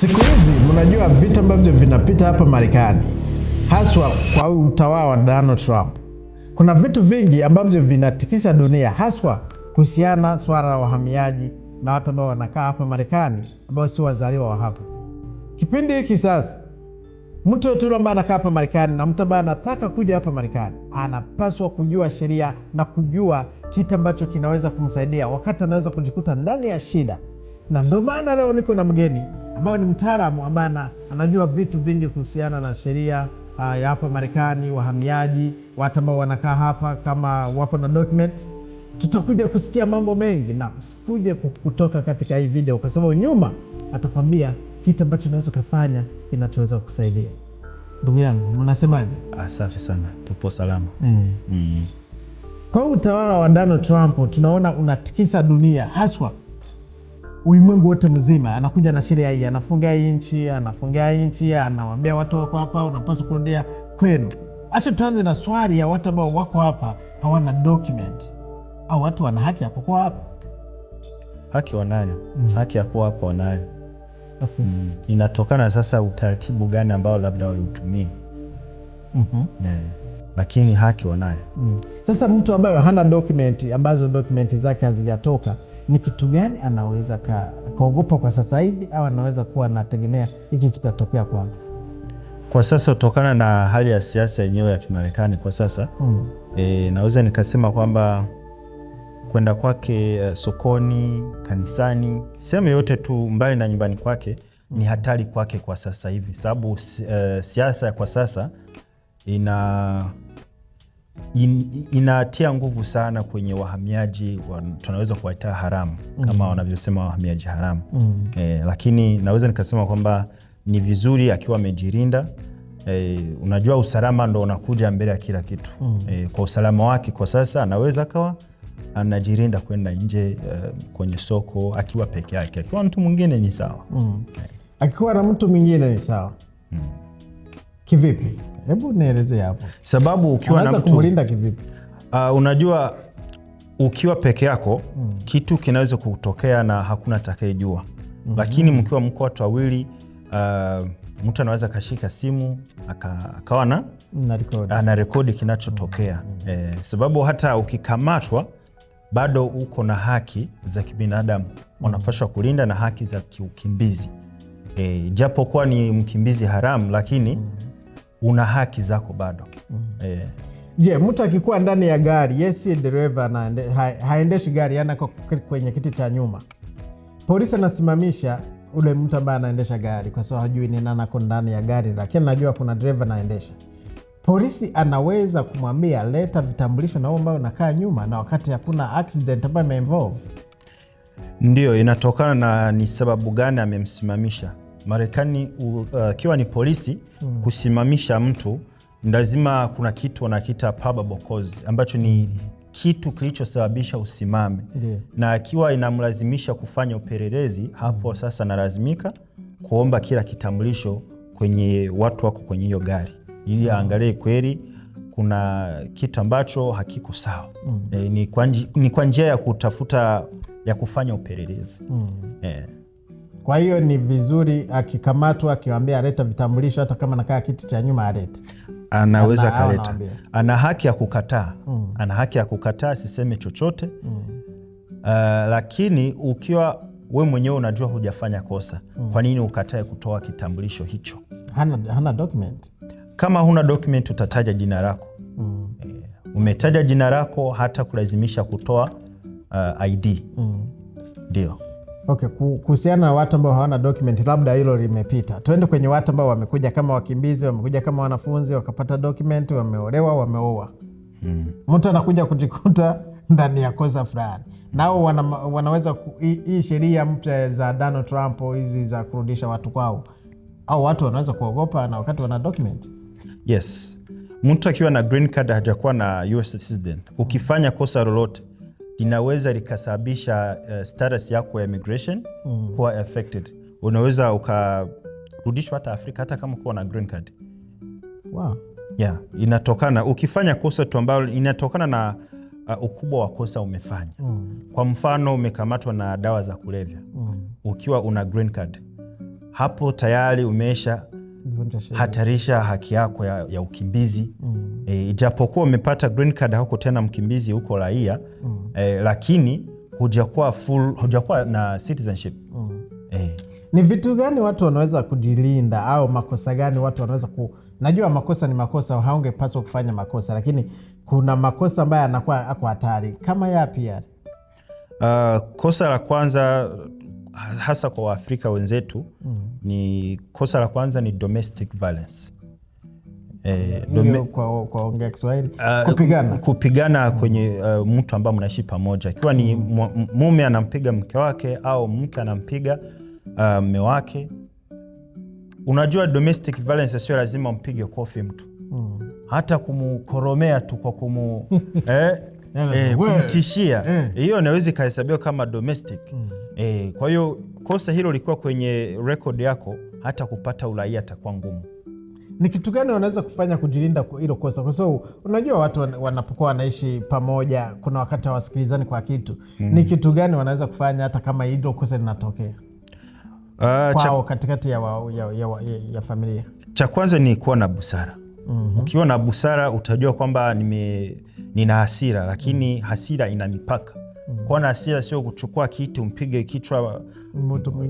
Siku hizi mnajua vitu ambavyo vinapita hapa Marekani, haswa kwa utawala wa Donald Trump. Kuna vitu vingi ambavyo vinatikisa dunia, haswa kuhusiana swala la wahamiaji na watu ambao wanakaa hapa Marekani ambao si wazaliwa wa hapa. Kipindi hiki sasa, mtu yote ambaye anakaa hapa Marekani na mtu ambaye anataka kuja hapa Marekani anapaswa kujua sheria na kujua kitu ambacho kinaweza kumsaidia wakati anaweza kujikuta ndani ya shida, na ndio maana leo niko na mgeni ambaye ni mtaalamu ambaye anajua vitu vingi kuhusiana na sheria uh, ya hapa Marekani, wahamiaji, watu ambao wanakaa hapa kama wapo na document. Tutakuja kusikia mambo mengi, na usikuje kutoka katika hii video, kwa sababu nyuma atakwambia kitu ambacho unaweza ukafanya kinachoweza kukusaidia. Ndugu yangu, mnasemaje? Asafi sana, tupo salama mm. Mm. Kwa utawala wa Donald Trump tunaona unatikisa dunia haswa ulimwengu wote mzima, anakuja na sheria hii, anafungia hii nchi, anafungia hii nchi, anawambia watu wako hapa, unapaswa kurudia kwenu. Acha tuanze na swali ya watu ambao wako hapa hawana document, au watu wana haki ya kukua hapa? Haki wanayo, mm. haki ya kuwa hapa wanayo. okay. mm. Inatokana sasa utaratibu gani ambao labda waliutumia. mm -hmm. yeah lakini haki wanayo. mm. Sasa mtu ambaye hana dokumenti ambazo dokumenti zake hazijatoka ni kitu gani anaweza akaogopa kwa sasa hivi, au anaweza kuwa anategemea hiki kitatokea kwa kwa sasa kutokana na hali ya siasa yenyewe ya Kimarekani kwa sasa mm. E, naweza nikasema kwamba kwenda kwake uh, sokoni, kanisani, sehemu yoyote tu mbali na nyumbani kwake ni hatari kwake kwa sasa hivi, sababu uh, siasa kwa sasa ina in, inatia nguvu sana kwenye wahamiaji wa, tunaweza kuwaita haramu kama mm -hmm. wanavyosema wahamiaji haramu mm -hmm. E, lakini naweza nikasema kwamba ni vizuri akiwa amejirinda. E, unajua usalama ndo unakuja mbele ya kila kitu mm -hmm. E, kwa usalama wake kwa sasa anaweza akawa anajirinda kwenda nje uh, kwenye soko akiwa peke yake. Akiwa mtu mwingine ni sawa mm. Akiwa na mtu mwingine ni sawa mm. Kivipi? Hebu nieleze hapo sababu. Ukiwa na mtu kumlinda kivipi? Uh, unajua ukiwa peke yako mm. kitu kinaweza kutokea na hakuna atakayejua mm -hmm. Lakini mkiwa mko watu wawili uh, mtu anaweza akashika simu akawa na ana rekodi kinachotokea mm -hmm. eh, sababu hata ukikamatwa bado uko na haki za kibinadamu wanapaswa mm -hmm. kulinda na haki za kiukimbizi eh, japo kuwa ni mkimbizi haramu lakini mm -hmm una haki zako bado. mm -hmm. yeah. Je, mtu akikuwa ndani ya gari yesi dereva haendeshi gari yana kwenye kiti cha nyuma, polisi anasimamisha ule mtu ambaye anaendesha gari kwa sababu hajui ni nani ako ndani ya gari, lakini najua kuna dereva naendesha. Polisi anaweza kumwambia leta vitambulisho na ambayo unakaa nyuma, na wakati hakuna accident ambayo ime involve. inatokana na ni sababu gani amemsimamisha. Marekani ikiwa uh, ni polisi mm. kusimamisha mtu lazima kuna kitu wanakiita probable cause ambacho ni mm. kitu kilichosababisha usimame yeah. na akiwa inamlazimisha kufanya upelelezi hapo mm. sasa analazimika kuomba kila kitambulisho kwenye watu wako kwenye hiyo gari ili mm. aangalie kweli kuna kitu ambacho hakiko sawa mm. e, ni kwa njia ya kutafuta ya kufanya upelelezi mm. e. Kwa hiyo ni vizuri akikamatwa, akiwambia aleta vitambulisho, hata kama nakaa kiti cha nyuma alete, anaweza akaleta. Ana haki ya kukataa mm. ana haki ya kukataa, siseme chochote mm. Uh, lakini ukiwa we mwenyewe unajua hujafanya kosa mm. kwa nini ukatae kutoa kitambulisho hicho? Hana, hana document. Kama huna document utataja jina lako mm. Eh, umetaja jina lako hata kulazimisha kutoa uh, ID mm. ndio mm. Okay, kuhusiana na watu ambao hawana document, labda hilo limepita. Tuende kwenye watu ambao wamekuja kama wakimbizi, wamekuja kama wanafunzi, wakapata document, wameolewa, wameoa. Hmm. Mtu mm. anakuja kujikuta ndani ya kosa fulani, nao wana, wanaweza hii sheria mpya za Donald Trump hizi za kurudisha watu kwao, au watu wanaweza kuogopa na wakati wana document. Yes, mtu akiwa na green card hajakuwa na US citizen, ukifanya kosa lolote linaweza likasababisha uh, status yako ya immigration mm. kuwa affected. Unaweza ukarudishwa hata Afrika hata kama kuwa na green card. Wow. Yeah, inatokana ukifanya kosa tu ambalo inatokana na uh, ukubwa wa kosa umefanya mm. Kwa mfano umekamatwa na dawa za kulevya mm. ukiwa una green card, hapo tayari umeesha hatarisha haki yako ya, ya ukimbizi mm. E, ijapokuwa umepata green card hako tena mkimbizi, huko raia mm. E, lakini hujakuwa full, hujakuwa na citizenship mm. E. Ni vitu gani watu wanaweza kujilinda au makosa gani watu wanaweza ku... Najua makosa ni makosa, haungepaswa kufanya makosa, lakini kuna makosa ambayo anakuwa ako hatari kama yapi yale? Uh, kosa la kwanza hasa kwa Waafrika wenzetu mm. ni kosa la kwanza ni domestic violence eh, dome... kwa, kwa ongea Kiswahili uh, kupigana, kupigana kwenye uh, mtu ambaye mnaishi pamoja ikiwa ni mm. mume anampiga mke wake au mke anampiga ah, mume uh, wake. Unajua, domestic violence sio lazima mpige kofi mtu mm. hata kumukoromea tu kwa kumu eh, eh, kumtishia eh. hiyo eh, inaweza ikahesabiwa kama domestic mm. eh, kwa hiyo kosa hilo likiwa kwenye rekodi yako hata kupata uraia atakuwa ngumu. Ni kitu gani wanaweza kufanya kujilinda hilo kosa? Kwa sababu unajua watu wanapokuwa wanaishi pamoja, kuna wakati hawasikilizani kwa kitu mm. Ni kitu gani wanaweza kufanya hata kama hilo kosa linatokea uh, kwao katikati ya, wa, ya, ya, ya, ya familia? Cha kwanza ni kuwa na busara mm -hmm. Ukiwa na busara utajua kwamba nime nina hasira, lakini mm. hasira ina mipaka. Mm. Kuwa na hasira sio kuchukua kitu mpige kichwa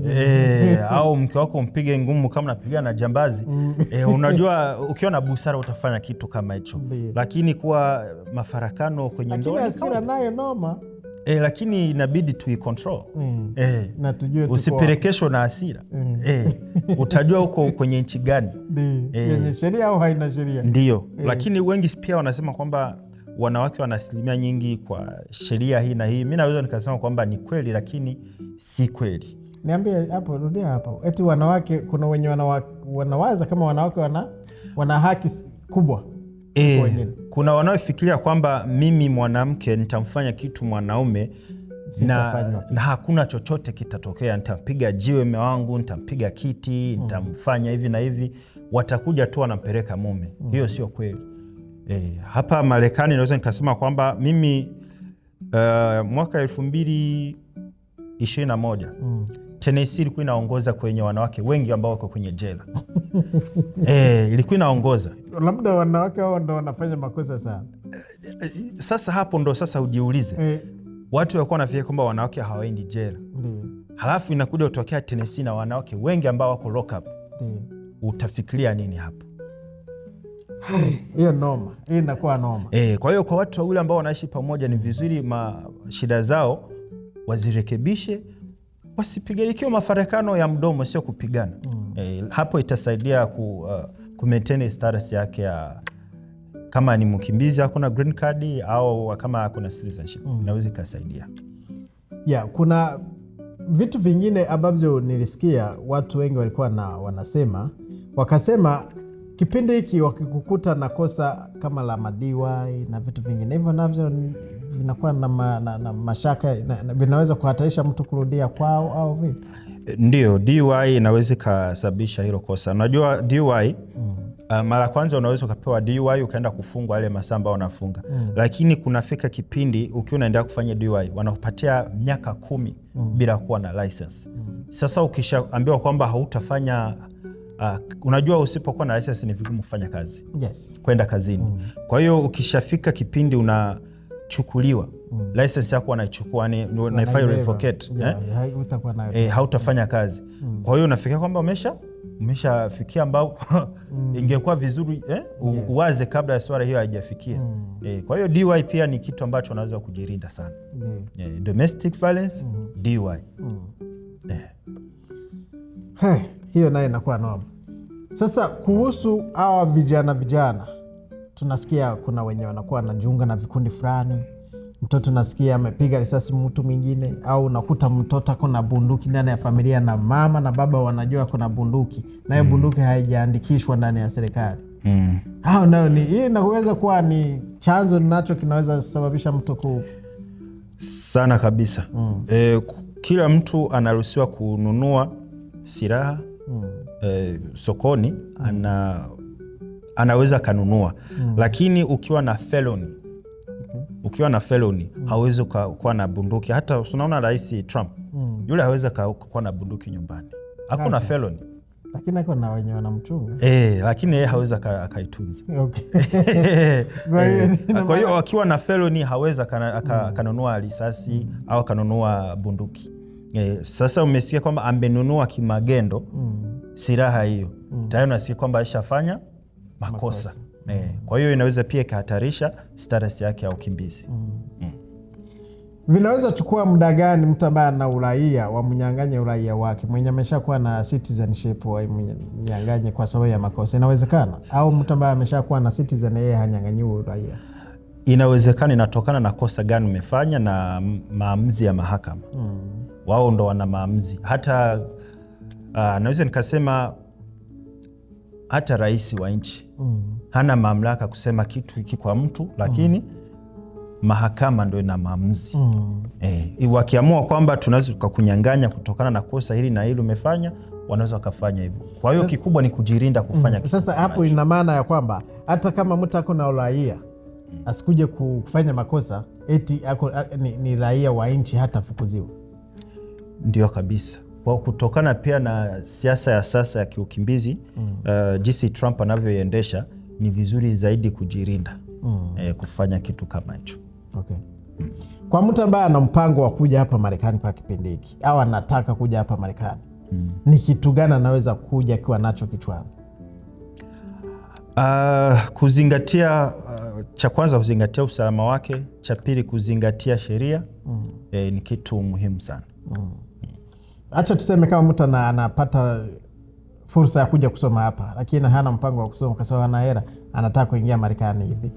e, au mke wako mpige ngumu kama napigana na jambazi e, unajua ukiwa na busara utafanya kitu kama hicho, lakini kuwa mafarakano kwenye ndoa, hasira nayo noma E, lakini inabidi control mm. E, usipelekeshwe na hasira mm. E, utajua huko kwenye nchi gani yenye sheria au haina sheria, ndiyo e. Lakini wengi pia wanasema kwamba wanawake wana asilimia nyingi kwa sheria hii na hii, mi naweza nikasema kwamba ni kweli, lakini si kweli. Niambie hapo, rudia hapo. Eti wanawake kuna wenye wanawa, wanawaza kama wanawake wana, wana haki kubwa e, kuna wanaofikiria kwamba mimi mwanamke nitamfanya kitu mwanaume na, na hakuna chochote kitatokea, nitampiga jiwe mme wangu, nitampiga kiti, mm. nitamfanya hivi na hivi, watakuja tu wanampeleka mume. Mm. Hiyo sio kweli. E, hapa Marekani naweza nikasema kwamba mimi uh, mwaka elfu mbili ishirini na moja mm. Tennessee ilikuwa inaongoza kwenye wanawake wengi ambao wako kwenye jela eh, ilikuwa inaongoza labda wanawake hao ndo wanafanya makosa sana. Eh, sasa hapo ndo sasa ujiulize eh, Watu walikuwa wanafikiria kwamba wanawake hawaendi jela mm. Halafu inakuja utokea Tennessee na wanawake wengi ambao wako lockup mm. Utafikiria nini hapo? hiyo noma, hii inakuwa noma e. Kwa hiyo kwa watu wawili ambao wanaishi pamoja ni vizuri shida zao wazirekebishe, wasipiganikiwa mafarakano ya mdomo, sio kupigana mm. E, hapo itasaidia ku, uh, ku maintain status yake ya kama ni mkimbizi hakuna green card au kama hakuna citizenship mm. inaweza ikasaidia. Yeah, kuna vitu vingine ambavyo nilisikia watu wengi walikuwa na wanasema wakasema kipindi hiki wakikukuta na kosa kama la madiwai na vitu vingine hivyo, navyo vinakuwa na, ma, na, na mashaka na, vinaweza kuhatarisha mtu kurudia kwao au vipi? Ndio, DUI inaweza ikasababisha hilo kosa. Unajua DUI mm. Uh, mara kwanza unaweza ukapewa DUI ukaenda kufungwa yale masaa ambayo unafunga mm. Lakini kunafika kipindi ukiwa unaendelea kufanya DUI wanakupatia miaka kumi mm. bila kuwa na license mm. Sasa ukishaambiwa kwamba hautafanya Uh, unajua usipokuwa na license ni vigumu kufanya kazi yes. Kwenda kazini mm. Kwa hiyo ukishafika kipindi unachukuliwa mm. license yako wanaichukua naifai revocate, yeah, eh? eh hautafanya mm. kazi mm. Kwa hiyo unafikia kwamba umesha umeshafikia ambao mm. ingekuwa vizuri eh, yes. uwaze kabla ya swala hiyo haijafikia mm. eh, kwa hiyo DUI pia ni kitu ambacho unaweza kujirinda sana mm. eh, domestic violence mm. DUI mm. eh. Hey, hiyo nayo inakuwa noma sasa kuhusu hawa vijana vijana, tunasikia kuna wenye wanakuwa wanajiunga na vikundi fulani, mtoto nasikia amepiga risasi mtu mwingine, au unakuta mtoto na bunduki ndani ya familia na mama na baba wanajua kuna bunduki hiyo mm. bunduki haijaandikishwa ndani ya serikali mm. au nayo ni hii, inaweza kuwa ni chanzo nacho kinaweza sababisha mtu ku sana kabisa mm. E, kila mtu anaruhusiwa kununua silaha mm. eh, sokoni mm. ana, anaweza kanunua mm. lakini ukiwa na feloni okay. ukiwa na feloni mm. hawezi kuwa na bunduki. Hata unaona Rais Trump mm. yule hawezi kuwa na bunduki nyumbani, hakuna okay. feloni lakini ako na wenye wanamchunga eh, lakini yeye hawezi akaitunza. Kwa hiyo eh, akiwa na feloni hawezi mm. akanunua mm. risasi mm. au akanunua bunduki. E, sasa umesikia kwamba amenunua kimagendo mm silaha hiyo mm. tayari unasikia kwamba aishafanya makosa, makosa. Mm. E, kwa hiyo inaweza pia ikahatarisha status yake ya ukimbizi mm. mm. Vinaweza chukua muda gani mtu ambaye ana uraia wamnyanganye uraia wake mwenye ameshakuwa na citizenship wamnyanganye kwa sababu ya makosa? Inawezekana au mtu ambaye ameshakuwa na citizen yeye hanyang'anyiwe uraia? Inawezekana, inatokana na kosa gani umefanya na maamuzi ya mahakama mm. wao ndo wana maamuzi hata uh, naweza nikasema hata rais wa nchi mm. hana mamlaka kusema kitu hiki kwa mtu, lakini mm. mahakama ndio ina maamuzi mm. eh, wakiamua kwamba tunaweza tukakunyang'anya kutokana na kosa hili na hili umefanya, wanaweza wakafanya hivyo. Kwa hiyo kikubwa ni kujirinda kufanya mm. Sasa hapo ina maana ya kwamba hata kama mtu ako na uraia mm. asikuje kufanya makosa eti ako, ni, ni raia wa nchi hata fukuziwa. Ndio kabisa kwa kutokana pia na siasa ya sasa ya kiukimbizi mm. uh, jinsi Trump anavyoiendesha ni vizuri zaidi kujirinda mm. eh, kufanya kitu kama hicho okay. mm. Kwa mtu ambaye ana mpango wa kuja hapa Marekani kwa kipindi hiki au anataka kuja hapa Marekani mm. ni kitu gani anaweza kuja akiwa nacho kichwani? Uh, kuzingatia uh, cha kwanza kuzingatia usalama wake, cha pili kuzingatia sheria mm. eh, ni kitu muhimu sana mm hacha tuseme kama mtu anapata fursa ya kuja kusoma hapa, lakini hana mpango wa kusoma kwa sababu ana hela, anataka kuingia Marekani hivi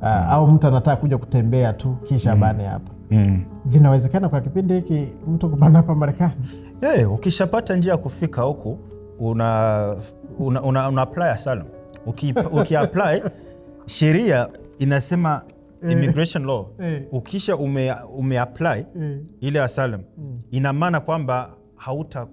uh, mm. au mtu anataka kuja kutembea tu kisha mm. bane hapa mm. vinawezekana kwa kipindi hiki mtu kupanda hapa Marekani. Hey, eh, ukishapata njia ya kufika huku una, una, una, una apply asylum uki, uki apply sheria inasema eh. immigration law eh. ukisha ume, ume apply ile asylum mm. ina maana kwamba Hauter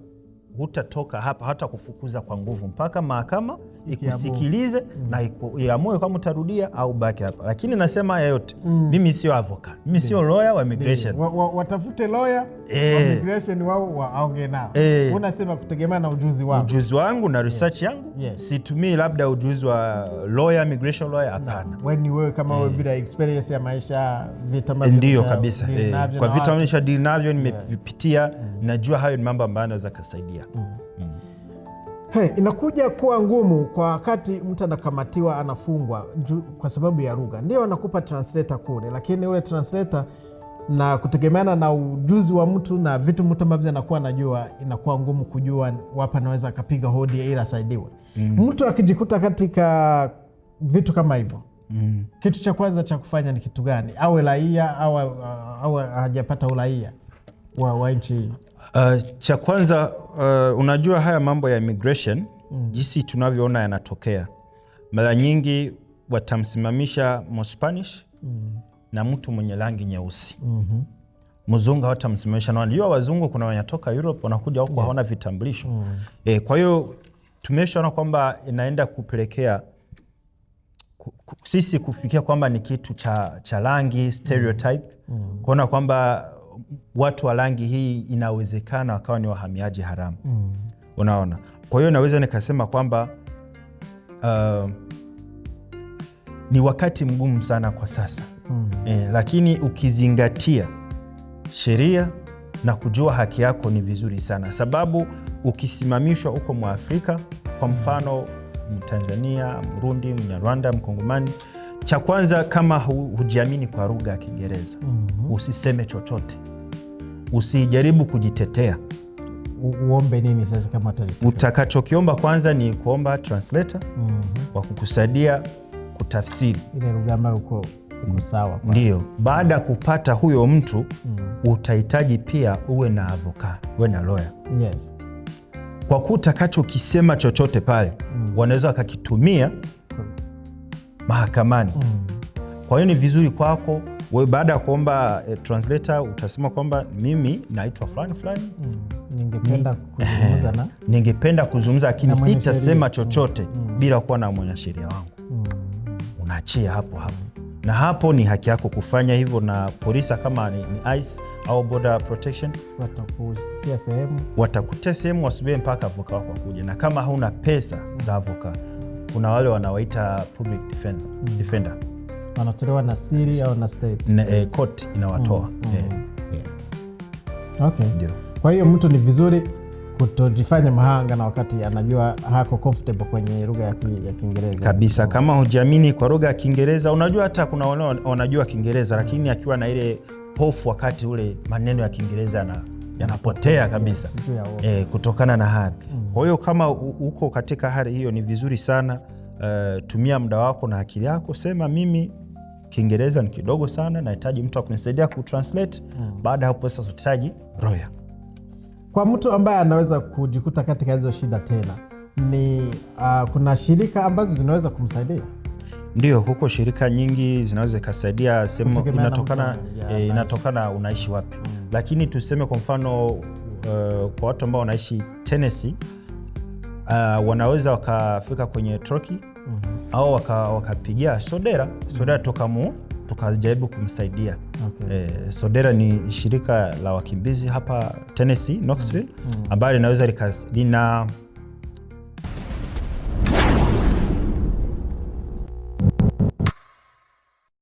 hutatoka hapa, hata kufukuza kwa nguvu mpaka mahakama ikusikilize mm. na iamue kama utarudia au baki hapa. Lakini nasema yeyote mm. mimi sio avoka, mimi sio lawyer wa immigration. Watafute lawyer wa eh. immigration wao waonge nao. Eh. Unasema kutegemea na ujuzi wangu, ujuzi wangu na research yeah. yangu yeah. situmii labda ujuzi wa lawyer, immigration lawyer, hapana. Wewe ni wewe kama wewe eh. bila experience ya maisha, vita mabishana, ndio kabisa. Kwa vita nimeshadili navyo, nimevipitia, mm. najua hayo ni mambo ambayo naweza kusaidia. Mm. mm. Hey, inakuja kuwa ngumu kwa wakati mtu anakamatiwa anafungwa kwa sababu ya lugha. Ndio anakupa translator kule, lakini ule translator na kutegemeana na ujuzi wa mtu na vitu mtu ambavyo anakuwa anajua, inakuwa ngumu kujua wapi anaweza akapiga hodi ili asaidiwe. mm. Mtu akijikuta katika vitu kama hivyo mm. kitu cha kwanza cha kufanya ni kitu gani? Awe raia au hajapata uraia wa, wa nchi hii Uh, cha kwanza uh, unajua haya mambo ya immigration mm. jinsi tunavyoona yanatokea mara nyingi watamsimamisha Mspanish mm. na mtu mwenye rangi nyeusi mm -hmm. Mzungu hawatamsimamisha na najua wazungu kuna wanyatoka Europe wanakuja huko hawana yes. vitambulisho mm. E, kwa hiyo tumeshaona kwamba inaenda kupelekea sisi kufikia kwamba ni kitu cha rangi stereotype mm. mm. kuona kwamba watu wa rangi hii inawezekana wakawa ni wahamiaji haramu mm. Unaona, kwa hiyo naweza nikasema kwamba uh, ni wakati mgumu sana kwa sasa mm. Eh, lakini ukizingatia sheria na kujua haki yako ni vizuri sana, sababu ukisimamishwa huko Mwafrika, kwa mm. mfano Mtanzania, Mrundi, Mnyarwanda, Mkongomani cha kwanza, kama hujiamini kwa lugha ya Kiingereza mm -hmm. usiseme chochote, usijaribu kujitetea. uombe nini sasa? Kama utakachokiomba kwanza ni kuomba translator mm -hmm. wa kukusaidia kutafsiri ile lugha ambayo uko mm. sawa. Ndio, baada ya kupata huyo mtu mm -hmm. utahitaji pia uwe na avoka, uwe na lawyer yes. kwa kuwa utakachokisema chochote pale mm -hmm. wanaweza wakakitumia mahakamani mm. Kwa hiyo ni vizuri kwako wewe baada ya kuomba e, translator utasema kwamba mimi naitwa fulani fulani mm. ningependa kuzungumza na ningependa kuzungumza lakini sitasema chochote mm. Mm. bila kuwa na mwanasheria wangu mm. Unaachia hapo hapo na hapo ni haki yako kufanya hivyo, na polisi kama ni, ni ICE au border protection watakutia sehemu, watakutia sehemu, wasubiri mpaka avoka wako akuja, na kama hauna pesa za avoka kuna wale wanawaita public defender, mm. defender. Wanatolewa na siri au na state? Na, eh, court inawatoa mm. Mm. Eh, yeah. Okay. Ndio. Kwa hiyo mtu ni vizuri kutojifanya mahanga na wakati anajua hako comfortable kwenye lugha ya Kiingereza kabisa. Mm. Kama hujiamini kwa lugha ya Kiingereza, unajua hata kuna wale wanajua Kiingereza lakini mm. akiwa na ile hofu wakati ule maneno ya Kiingereza na yanapotea mm. kabisa e, kutokana na hali mm. Kwa hiyo kama uko katika hali hiyo, ni vizuri sana uh, tumia muda wako na akili yako, sema mimi Kiingereza ni kidogo sana, nahitaji mtu akunisaidia kutranslate mm. Baada ya hapo sasa utahitaji roya. Kwa mtu ambaye anaweza kujikuta katika hizo shida tena, ni uh, kuna shirika ambazo zinaweza kumsaidia ndio, huko shirika nyingi zinaweza ikasaidia sehemu, inatokana e, inatokana unaishi wapi mm. Lakini tuseme kwa mfano uh, kwa watu ambao wanaishi Tennessee uh, wanaweza wakafika kwenye troki mm -hmm. au wakapigia waka Sodera Sodera mm -hmm. toka mu tukajaribu kumsaidia okay. E, Sodera ni shirika la wakimbizi hapa Tennessee Knoxville mm-hmm. mm -hmm. ambalo linaweza lina